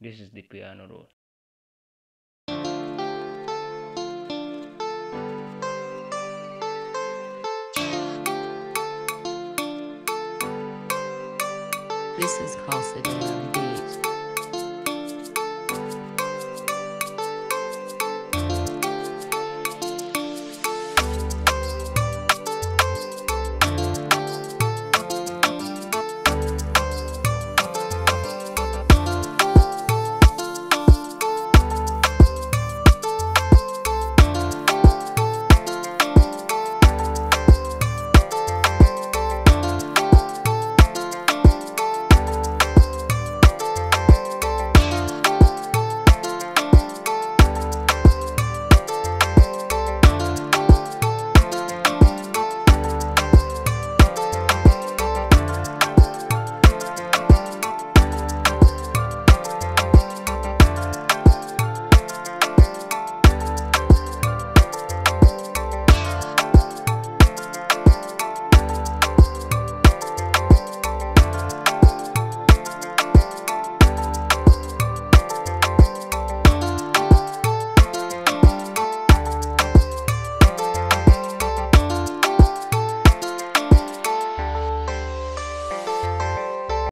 This is the piano roll. This is Casa de